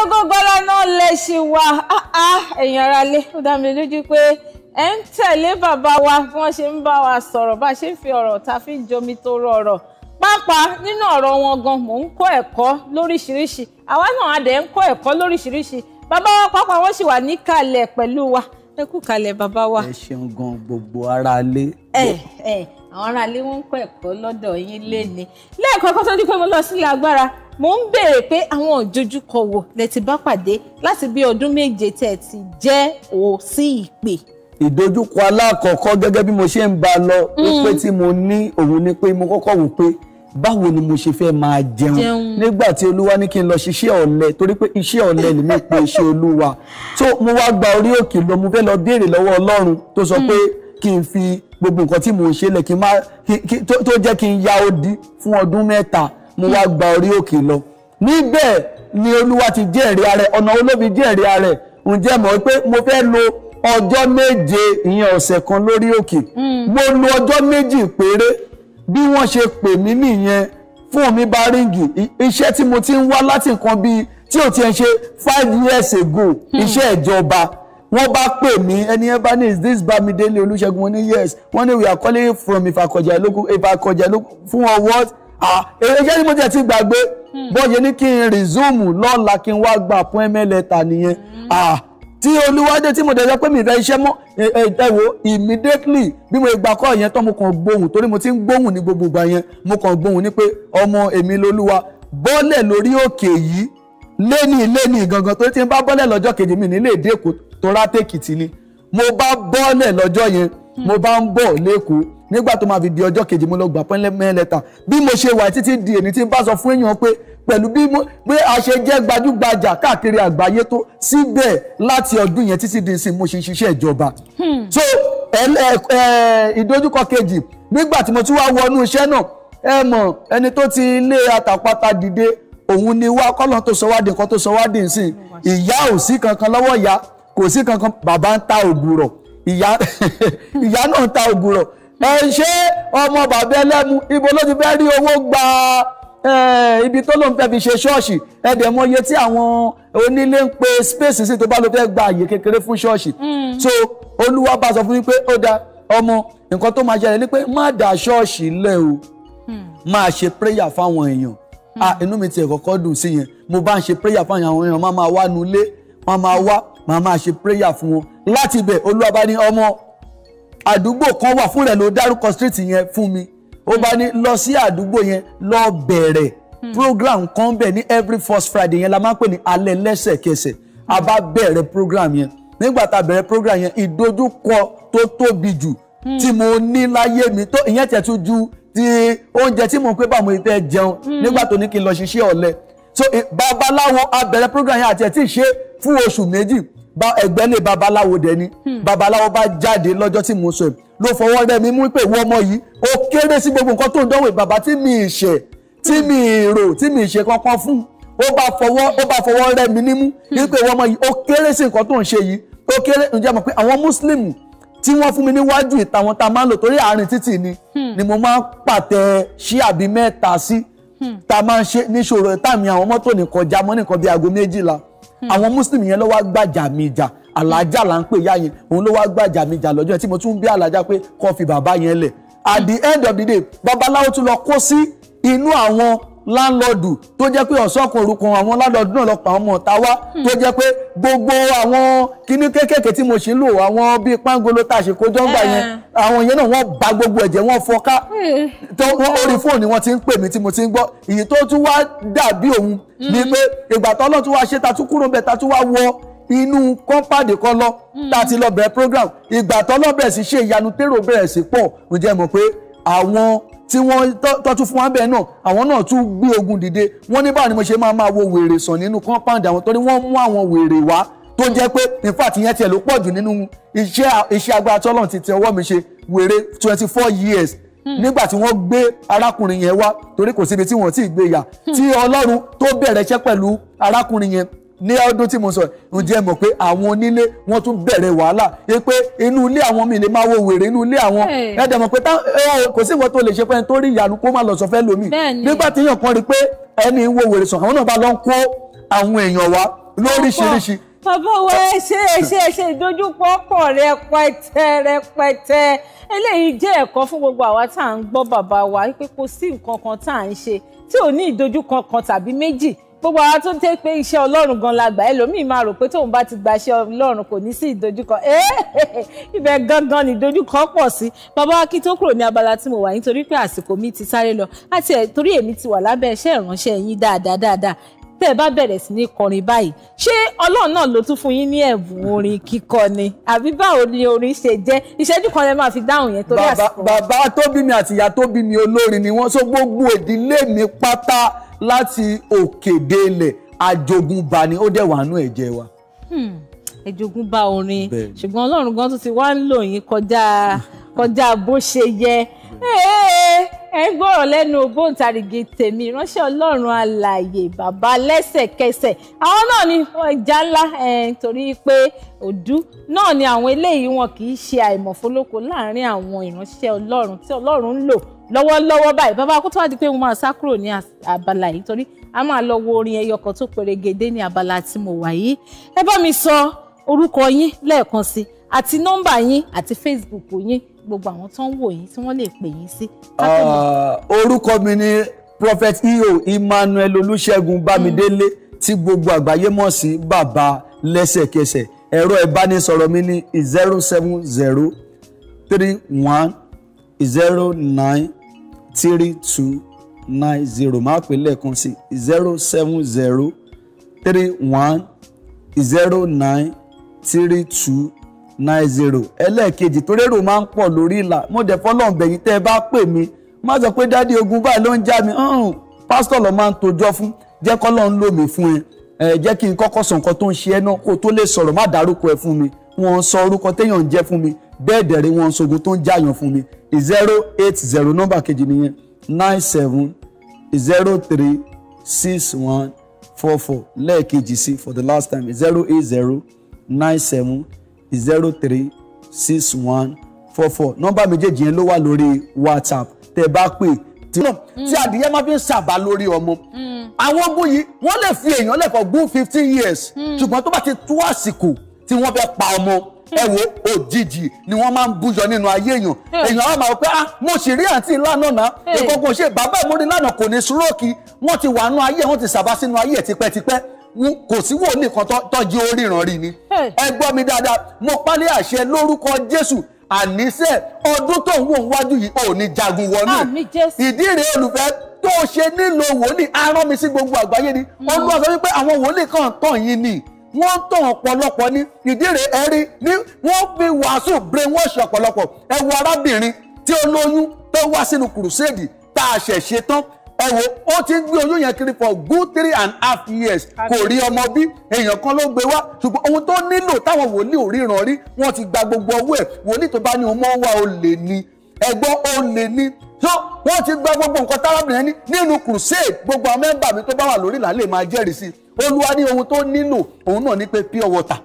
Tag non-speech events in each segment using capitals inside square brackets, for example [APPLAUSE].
Ògo Ìgbàlà náà lẹ ṣì wà ah, ah, ẹ̀yin aráalé ó dá mi lójú pé ẹ ń tẹ̀lé bàbá wa bí wọ́n ṣe ń bá wa sọ̀rọ̀ bá a ṣe ń fi ọ̀rọ̀ ta fi ń jomi tó rọrọ̀ pàápàá nínú ọ̀rọ̀ wọn gan mò ń kọ́ ẹ̀kọ́ lóríṣiríṣi àwa náà adẹ̀ ń kọ́ ẹ̀kọ́ lóríṣiríṣi bàbá wa pàápàá wọ́n sì wà níkàlẹ̀ pẹ̀lú wa ẹ kú kalẹ̀ bàbá wa. ẹ ṣeun gan gbogbo aráalé. ẹ ẹ àwọn aráalé wọn ń kọ́ ẹ̀kọ́ lọ́dọ̀ yín léni lẹ́ẹ̀kọ́ kó tó di mo lọ sílé agbára mo ń béèrè pé àwọn òjòjúkọ wo lẹ ti bá pàdé láti bí ọdún méje tẹ́ ẹ ti jẹ́ ò sí ìpè. ìdojúkọ alákọ̀ọ́kọ́ gẹ́gẹ́ bí mo ṣe ń bá a lọ mm. wípé tí mo ní òun ni pé mo kọ́kọ́ wò pé báwo ni mo ṣe fẹ́ máa jẹun nígbà tí olúwa ní kí n lọ ṣiṣẹ́ ọ̀lẹ torí pé iṣẹ́ ọ̀lẹ lèmi pe iṣẹ́ olúwa tó mo wá gba orí òkè lọ mo fẹ́ lọ béèrè lọ́wọ́ ọlọ́run tó sọ mm. pé kí n fi gbogbo nǹkan tí mò ń ṣe lẹ̀ kí n má tó jẹ́ kí n ya odi fún ọdún mẹ́ta mo wá gba orí òkè lọ níbẹ̀ ni olúwa ti jẹ́rìí ara ẹ̀ ọ̀nà olóbi jẹ́rìí ara ẹ̀ ǹjẹ́ mọ̀ pé mo fẹ́ lo ọjọ́ méje ìyẹn ọ̀sẹ̀ kan lórí òkè hmm. mo lo ọjọ́ méjì péré bí wọ́n ṣe pè mí nìyẹn fún mi bá ríngì iṣẹ́ tí mo ti ń wá láti nǹkan bíi tí ò ti ń ṣe five years ago hmm. iṣẹ́ ìjọba wọ́n bá pè mí ẹni ẹ bá ní is this Bámidélé Olúṣẹ́gun wọ́n ní yes wọ́n ní we are calling from Ifakọ̀jà ìlókun Ifakọ̀jà ìlókun fún wọn what èyí ṣé ni mo jẹ́ ti gbàgbé hmm. bọ́ọ̀yẹ ní kí n rìzúùmù lọ́la kí n wá gba appointment letter nìyẹn hmm. ah, tí olúwadé tí mo dẹ̀ sọ pé mi ìfẹ́ iṣẹ́ mọ́ ẹ wo immediately bí mo gba kọ́ yẹn tán mo kàn gbóhùn torí mo ti ń gbóhùn ní gbogbo ìgbà yẹn mo kàn gbóhùn ní pé ọmọ èmi lolúwa bọ́lẹ̀ lórí òkè yìí léni léni gangan torí tí n bá bọ́lẹ̀ lọ́jọ́ kejì mi nílé èdè èkó tó rátèkìtì ni mo bá bọ́lẹ̀ lọ́jọ́ yẹn hmm. mo bá ń bọ̀ lẹ́kọ̀ọ́ nígbà tó máa fi di ọjọ́ kejì mo lọ gbà appointment letter bí mo ṣe wà títí di èmi tí n bá sọ fún èèyàn pé pẹ̀lú bí a ṣe jẹ́ gbajúgbajà káàkiri àgbáyé tó síbẹ̀ láti ọdún yẹn títí di ìsìn mo ṣe ṣiṣẹ́ ìjọba. Hmm. so ìdojúkọ kejì nígbà tí mo tún wá wọnú iṣẹ́ náà ẹ mọ̀ ẹni tó ti ilé àtàpàtà dìde òun ni wá kọ́lọ́n tó sọ wá di nǹkan tó sọ wá di nsìn ìyá ò sí kankan lọ́wọ́ ìyá kò sí kankan bàbá ń ta ògùrọ̀ ìyá [LAUGHS] náà ń ta ògùrọ̀ ẹ ṣe ọmọ bàbá ẹlẹ́mu ibo ló ti fẹ́ rí owó gba ibi tó ló ń fẹ́ fi ṣe ṣọ́ọ̀ṣì ẹ̀dẹ̀ mọ iye tí àwọn onílé ń pe space sí tó bá ló fẹ́ gba àyè kékeré fún ṣọ́ọ̀ṣì hmm. so olúwa bá sọ fún mi pé ó da ọmọ nǹkan tó máa ṣẹlẹ̀ ni pé má dá ṣọ́ọ̀ṣì lẹ̀ o hmm. máa ṣe prayer fáwọn èèyàn hmm. ah inú mi tiẹ̀ kọ́kọ́ dùn sí yẹn mo bá ń ṣe prayer fáwọn àwọn èèyàn máa máa wá nulẹ̀ máa máa wá máa máa ṣe prayer fún wọn láti ibẹ̀ olúwa bá ní ọmọ àdúgbò kan wà fún rẹ̀ ló dárúkọ street yẹn fún mi ó bá ní lọ sí àdúgbò yẹn lọ bẹ̀rẹ̀ hmm. program kan bẹ̀ ní every first friday yẹn la máa ń pè ní alẹ́ lẹ́sẹ̀kẹsẹ̀ a bá bẹ̀rẹ̀ program yẹn nígbà tá a bẹ̀rẹ̀ program yẹn ìdojúkọ tó tóbi jù hmm. tí mo ní láyé mi tó ìyẹn tẹ̀ tún ju ti oúnjẹ tí mo ń pè bá mo fẹ́ jẹun hmm. nígbà tó ní kí n lọ ṣiṣẹ́ ọ̀lẹ so babaláwo a bẹ̀rẹ̀ program yẹn àti ẹ̀ tí ì ṣe fún oṣù méjì ba ẹgbẹ́ lè babaláwo dẹ̀ ni hmm. babaláwo bá jáde lọ́jọ́ tí mo sọ ẹ̀ ló fọwọ́ rẹ̀ mi mú pé ìwọ ọmọ yìí ó kéré sí gbogbo nǹkan tó ń dánwò bàbá tí mi ì ṣẹ̀ tí mi ì rò tí mi ì ṣe kankan fún ó bá fọwọ́ ó bá fọwọ́ rẹ̀ mi nímú ní hmm. pé ìwọ ọmọ yìí ó kéré sí nǹkan tó ń ṣe yìí ó kéré ǹjẹ́ mọ̀ pé àwọn mùsùlùmù tí wọ́n fún mi níwájú ìta wọn ta máa ń lò torí àárín títì ni hmm. ni mo máa ń pàtẹ sí àbí mẹ́ta sí ta máa ń ṣe níṣòro táàmì àwọn mọ́tò nìkan já nìkan bíi aago méjìlá Hmm. àwọn muslim yẹn ló wá gbàjà mi jà alájà là ń pè ìyá yẹn òun ló wá gbàjà mi jà lọ́jọ́ tí mo tún bí alájà pé kó fi bàbá yẹn lẹ̀ at hmm. the end of the day babaláwo tún lọ kó sí inú àwọn láńlọ́ọ̀dù tó jẹ́ pé ọ̀sọ́kùn orúkún àwọn láńlọ́ọ̀dù náà lọ pa àwọn ọ̀tá wá hmm. tó jẹ́ pé gbogbo àwọn kíní kéékèèké tí mo ṣe ń lò àwọn bíi pángolo tá a ṣe kójọ́ ńgbà yẹn eh. àwọn yẹn náà wọ́n ba gbogbo ẹ̀jẹ̀ eh. wọ́n fọ́ká orí fóònù wọn ti ń pè mí tí mo ti ń gbọ́ èyí tó tún wá dàbí òun ni hmm. pé ìgbà tó lọ́n tún wá ṣe ta tún kúrò bẹ́ẹ̀ ta tún wá wọ inú kọ́ńpàdé kan lọ hmm. tá a ti lọ bẹ̀rẹ̀ program ìgbà tó lọ́ bẹ̀rẹ̀ sí ṣe ìyanu tèrò bẹ̀rẹ̀ sí pọ̀ ǹjẹ́ mọ̀ pé àwọn tí wọ́n tọ́tún fún wa bẹ́ẹ̀ náà àwọn náà tún gbé ogun dìde wọ́n ní báwo ni mo ṣe máa máa wo wèrè sàn nínú compound àwọn torí wọ́n mú àwọn wèrè wá tó jẹ́ pé in fact ìyẹn tiẹ̀ ló pọ̀ jù nínú iṣẹ́ agbára tọ́lọ̀ ti tẹ ọwọ́ mi ṣe wèrè twenty four years hmm. nígbà tí wọ́n gbé arákùnrin yẹn wá torí kò síbi tí wọ́n ti gbé yà hmm. tí Ọlọ́run tó bẹ̀rẹ̀ iṣẹ́ pẹ̀lú arákùnrin yẹn ní ọdún tí mo sọ ǹjẹ́ mọ̀ pé àwọn onílé wọ́n tún bẹ̀rẹ̀ wàhálà ẹ pé inú ilé àwọn mi lè máa wo wèrè inú ilé àwọn ẹ dẹ̀ mọ̀ pé kò sí ìwọ́n tó lè ṣe pé ẹni tó rí kó má lọ sọ fẹ́ lómi nígbà tí èèyàn kan rí pé ẹni wo wèrè sàn àwọn náà bá lọ ń kó àwọn èèyàn wa lóríṣiríṣi bàbá wa ẹ ṣe ẹ ṣe ẹ ṣe ìdojúkọ pọ̀ rẹpẹtẹ rẹpẹtẹ eléyìí jẹ́ ẹ̀kọ́ fún gbogbo àwa tá à ń gbọ́ bàbá wa pé kò sí nǹkan kan tá à ń ṣe tí ò ní ìdojúkọ kan tàbí méjì gbogbo àwọn tó ń tẹ́ pé iṣẹ́ ọlọ́run gan la gbà ẹlòmíì máa rò pé tóun bá ti gba iṣẹ́ ọlọ́run kò ní sí ìdojúkọ [LAUGHS] ibẹ̀ gangan ni ìdojúkọ pọ̀ sí bàbá wa kí tó kúrò ní abala tí mo wà nítorí pé àsìkò mi ti sáré lọ àti ẹ̀ torí èmi ti wà lábẹ́ iṣẹ́ ìránṣẹ́ yín dáadáa dáadáa tẹ́ ẹ bá bẹ̀rẹ̀ sí ní kọrin báyìí ṣé ọlọ́run náà ló tún fún yín ní ẹ̀bùn orin kíkọ ni àbí báwo ni orin ṣe jẹ́ ìṣẹ́jú kan lẹ máa fi dáhùn yẹn torí àsìkò. bàbá tó bí mi àti ìyá tó bí mi olórin ni wọ́n sọ gbogbo ìdílé mi pátá láti òkè dé ilẹ̀ àjogúnbá ni ó dẹ̀ wà nú ẹ̀jẹ̀ wa. ẹ̀jogúnbá hmm, orin ṣùgbọ́n ọlọ́run gan tún ti wá ń lò yín kọjá kọjá bó ṣe yẹ ẹ ń gbọ́rọ̀ lẹ́nu ògbóǹtarìgì tèmi ìránṣẹ́ ọlọ́run alààyè bàbá lẹ́sẹ̀kẹsẹ̀ àwọn náà ni ìjà ńlá torí pé òdú náà ni àwọn eléyìí wọn kì í ṣe àìmọ̀fólókò láàrin àwọn ìránṣẹ́ ọlọ́run tí ọlọ́run ń lò lọ́wọ́lọ́wọ́ báyìí bàbá kó tó wá di pé mo máa sá kúrò ní abala yìí torí a máa lọ wo orin ẹyọ kan tó perégedé ní abala tí mo wà yìí ẹ bá mi sọ orúkọ yín lẹ́ẹ̀kan sí àti nọ́mbà yín àti Facebook yín gbogbo àwọn tó ń wò yín tí wọ́n lè pè yín sí. Ah, orúkọ mi ni Prophet EO Emmanuel Olúṣẹ́gun Bámidélé mm. tí gbogbo àgbáyé mọ̀ sí bàbá lẹ́sẹ̀kẹsẹ̀ ẹ̀rọ ìbánisọ̀rọ̀ mi ni zero seven zero three one zero nine three two nine zero máa pè lẹ́ẹ̀kan sí zero seven zero three one zero nine three two nine zero ẹlẹ́ẹ̀kejì torí èrò máa ń pọ̀ lórí ìlà mo dẹ̀ fọ́lọ́n bẹ̀yìn tẹ́ ẹ bá pè mí má sọ pé dádì ogun báyìí ló ń já mi pásítọ̀ lọ máa ń tojọ́ fún jẹ́ kọ́lọ́n lò mí fún ẹ ẹ jẹ́ kí n kọ́kọ́ sọ nǹkan tó ń ṣe ẹ́ náà kó tó lè sọ̀rọ̀ má dárúkọ ẹ fún mi wọ́n sọ orúkọ téèyàn ń jẹ́ fún mi bẹ́ẹ̀ dẹ̀rẹ̀ wọn ṣogun tó ń jàyàn fún mi zero eight zero nọ́mbà kejì nìyẹn nine seven zero three six one four four lẹ́ẹ̀kejì sí for the last time zero eight zero nine seven zero three six one four four nọ́mbà méjèèjì yẹn ló wà lórí WhatsApp tẹ́ bá pè tí náà tí mm. adìyẹ máa fi ń ṣàbà lórí ọmọ mm. àwọn ogun yìí wọ́n lè fi èèyàn lẹ́kọ̀ọ́ gún fifteen years mm. ṣùgbọ́n tó bá ti tó àsìkò tí wọ́n fẹ́ pa ọmọ ẹ wo òjijì ni wọ́n máa ń bújọ nínú ayé èèyàn èèyàn á máa pé ah mo sì rí àǹtí lánàá ìkókó ṣe bàbá ìmúrí lánàá kò ní súróòkì wọ́n ti wà nú ayé wọ́n ti sàbá sínú ayé ẹ̀ tipẹ́tipẹ́ kò sí wòlíì kan tọ́jú oríran rí ni ẹ gbọ́ mi dáadáa mo pálí àṣẹ lórúkọ Jésù àníṣe ọdún tó ń wò wájú yìí ò ní jagun wọnú ìdí rèé olùfẹ́ tó ṣe nílò wòlíì arán mi sí gbogbo àgbáyé ni hmm. olúwa sọ wípé àwọn wòlíì kan tàn yín ni wọ́n ń tàn ọ̀pọ̀lọpọ̀ ní ìdíre ẹ̀rí ní wọ́n fi wàásù brainwash ọ̀pọ̀lọpọ̀ ẹ wo arábìnrin tí olóyún tó wá sínú kùrùsẹ́ẹ̀dì tá a ṣẹ̀ ṣe tán ẹ wo ó ti ń gbé oyún yẹn kiri for good three and half years kò rí ọmọ bí èèyàn kan ló gbé wá ṣùgbọ́n ohun tó nílò táwọn wòlíì ò ríran rí wọ́n ti gba gbogbo owó ẹ̀ wòlíì tó bá ní ọmọ wa ò lè ní ẹ̀gbọ́n ò lè ní so wọ́n ti gba gbogbo nǹkan tárábìnrin ní nínú crusade gbogbo àwọn mẹ́mbà mi tó bá wà lórí ìlà lè máa jẹ́rìí sí i olúwa ní ohun tó nílò òun náà ní pé pure water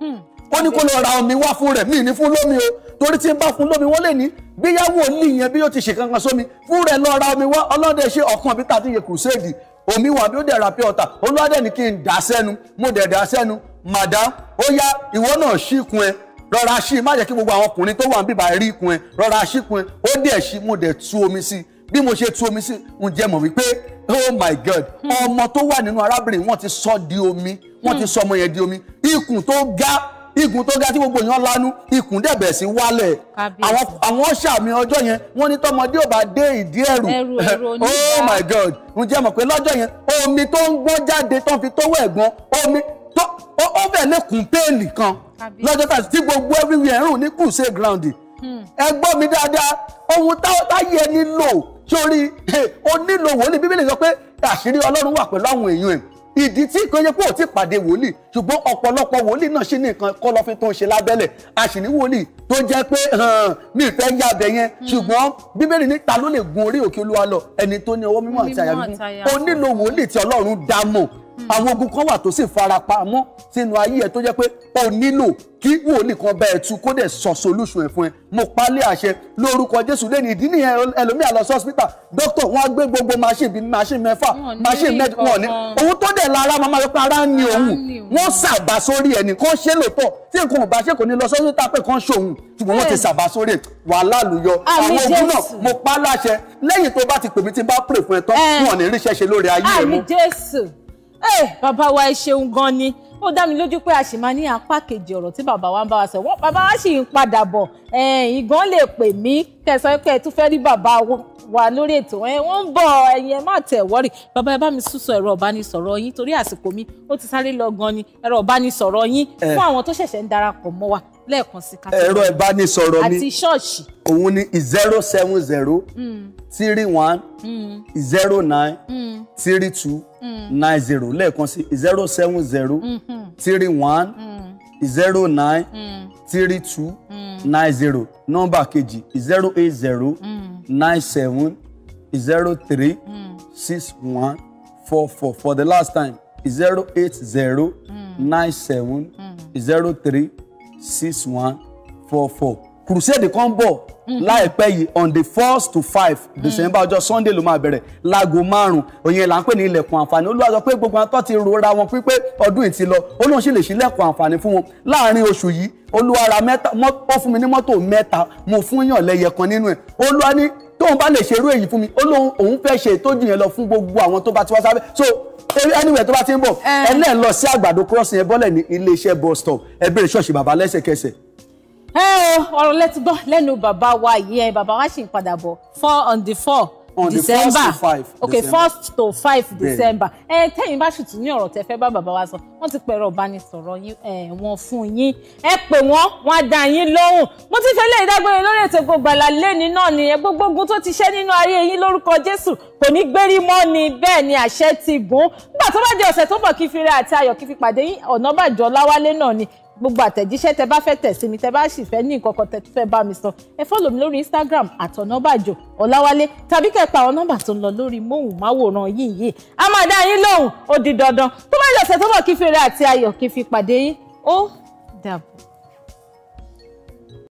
hmm. ó ní kó lọ ra omi wá fún rẹ̀ mí ní fún lómi o torí tí n bá fún lómi wọ́n lè ní gbéyàwó ní ìyẹn bí yóò ti ṣe kankan sómi fún rẹ̀ lọ ra omi wá ọlọ́dẹ ṣe ọ̀kan bí tàbí yẹ crusade omi wà bí ó dẹ̀ ra pure water olúwa dẹ̀ ní kí n dà sẹ́nu mo dẹ̀ dà sẹ́nu madam ó yá ìwọ náà ṣíkun ẹ rọra ṣí má jẹ́ kí gbogbo àwọn ọkùnrin tó wà ń bíbá rí ikun ẹ rọra ṣíkun ẹ ó dẹ̀ ṣí mo dẹ̀ tú omi sí i bí mo ṣe tú omi sí ǹjẹ́ mọ̀ wípé oh my god hmm. ọmọ tó wà nínú arábìnrin wọ́n ti sọ di omi wọ́n ti hmm. sọ ọmọ yẹn di omi ikùn tó ga ikùn tó ga tí gbogbo èèyàn lanu ikùn dẹ̀bẹ̀ sí wálẹ̀ àwọn sàmì ọjọ́ yẹn wọ́n ní tọmọdé ò bá dé ìdí ẹ̀rù oh my god ǹjẹ́ mọ̀ pé lọ́jọ́ yẹn omi tó ń gbọ́n jáde tó ń fi tówó ẹ̀gbọ́n omi tó ó fẹ̀ lè kún péèlì kan lọ́jọ́ tàbí tí gbogbo everywhere rùn ní kùsẹ́ ground hmm. ẹ gbọ́ mi dáadáa ohun táyé ẹni lò torí o nílò wòlíì bíbélì sọ pé àṣírí ọlọ́run wà pẹ̀lú àwọn èèyàn ẹ̀ ìdí tí kò yẹ pé ò ti pàdé wòlíì ṣùgbọ́n ọ̀pọ̀lọpọ̀ wòlíì náà ṣì ní nǹkan kọ̀lọ̀fín tó ń ṣe lábẹ́lẹ̀ àṣírí wòlíì tó jẹ́ pé mi ìfẹ́ yá abẹ yẹn ṣùgbọ́n bíbélì ní ta ló lè gun orí òkè olúwa lọ ẹni tó ní ọwọ́ mímọ́ àti àyà mímọ́ o nílò wòlíì ọlọ́run dá mọ̀ àwọn ogun kan wà tó sì fara pamọ́ sínú ayé ẹ tó jẹ́ pé o nílò kí wòlíì kan bá ẹ tú kó dẹ̀ sọ solution ẹ̀ fún ẹ mo palẹ̀ àṣẹ lórúkọ jésù lẹ́nu ìdí nìyẹn ẹlòmíà lọ sí hospital doctor wọn á gbé gbogbo machine bíi machine mẹ́fà machine mẹ́ta wọn ní òun tó dẹ̀ lára máa yọ pé ara ń ni òun wọ́n sàbà sórí ni kan ṣe lóòótọ́ tí nǹkan ò bá ṣe kò ní lọ sí hospital pé kan ṣòun ṣùgbọ́n wọ́n ti sàbà sórí wàhálà lùyọ àwọn ogun náà mo palẹ̀ àṣẹ lẹ́yìn tó bá ti pè mí tí bá pray fún ẹ tán wọn ní ríṣẹ́ ṣe lórí ayé ẹ mú ẹ eh, bàbá wa ẹ ṣeun gan ni ó dá mi lójú pé a sì máa ní apá kejì ọ̀rọ̀ tí bàbá wa ń bá wa sọ wọ́n bàbá wa sì ń padà bọ̀ eh, ìgan lè pè mí tẹ̀sán pé ẹ tún fẹ́ rí bàbá wa lórí ètò ẹ eh, wọ́n ń bọ̀ ẹ̀yin ẹ má tẹ̀ wọ́rì bàbá ẹ bá mi súsọ ẹ̀rọ ìbánisọ̀rọ̀ yín torí àsìkò mi ó ti sáré lọ gan ni ẹ̀rọ ìbánisọ̀rọ̀ yín fún àwọn tó ṣẹ̀ṣẹ̀ ń darapọ̀ mọ́ wa lẹ́ẹ̀kan sí ká ẹ̀rọ ìbánisọ̀rọ̀ mi àti ṣọ́ọ̀ṣì òun ni zero seven zero hmm. three one hmm. zero nine hmm. three two Mm-hmm. nine zero lẹ́ẹ̀kan sí zero seven zero mm-hmm. three one mm-hmm. zero nine three two nine zero nọ́mbà kejì zero eight zero nine seven zero three six one four four for the last time zero eight zero nine seven zero three six one four four crusade kan bọ̀ mhm. láìpẹ́ yìí on the first to five mhm. december ọjọ́ sunday ló máa bẹ̀rẹ̀ láago márùn-ún òyìn là ń pè ní ilẹ̀kùn àǹfààní olúwa sọ pé gbogbo àtọ́ ti rora wọn pípé ọdún yìí ti lọ olóhùn sì lè ṣí ilẹ̀kùn àǹfààní fún wọn láàárín oṣù yìí olúwa ra mẹ́ta ó fún mi ní mọ́tò mẹ́ta mo fún yàn lẹ́yẹ kan nínú ẹ̀ olúwa ní tóun bá lè ṣerú èyí fún mi ó lóun òun fẹ́ ṣe ìtọ́jú yẹn lọ fún gbogbo àwọn tó bá ti wá sábẹ́ so anywhere tó bá ti ń bọ̀ eh. ẹ lẹ́ẹ̀ lọ sí àgbàdo crossing ẹ bọ́lẹ̀ ní iléeṣẹ́ bus stop ẹ bèrè ṣọ́ọ̀ṣì bàbá lẹ́sẹ̀kẹsẹ̀ ẹ o ọ̀rọ̀ lẹ́tí gbọ́ lẹ́nu bàbá wa yẹn bàbá wa sì ń padà bọ̀ four on the four on December. the first to five okay December. first to five December ẹ tẹ̀yin bá ṣùtù ní ọ̀rọ̀ tẹ́ fẹ́ bá bàbá wa sọ wọ́n ti pẹ̀rọ ìbánisọ̀rọ̀ wọn fún yín ẹ pè wọ́n wọ́n á dá yín lóhùn mo ti fẹ́ lé ìdágbére lórí ètò Ògo Ìgbàlà lẹ́ni náà nìyẹn gbogbo ogun tó ti ṣẹ́ nínú ayé yín lórúkọ Jésù kò ní gbérí mọ́ ni bẹ́ẹ̀ ni àṣẹ ti gùn nígbà tó bá di ọ̀sẹ̀ tó bọ̀ kí fire àti ayọ̀ kí fi pàdé yín Ọ̀nàbàjọ́ Ọláwálé náà ni gbogbo àtẹ̀jíṣẹ́ tẹ bá fẹ́ tẹ̀ sí mi tẹ bá sì fẹ́ ní nǹkan kan tẹ fẹ́ bá mi sọ ẹ fọ́lọ̀ mi lórí Instagram àtọ̀nàbàjò ọ̀làwálé tàbí kẹpa àwọn nọ́mbà tó ń lọ lórí móhùnmáwòrán yìí yìí a máa dá yín lóhùn ó di dandan tó bá yọ̀ ọ̀sẹ̀ tó bọ̀ kí fèrè àti ayọ̀ kí fi pàdé yín ó dàbọ̀.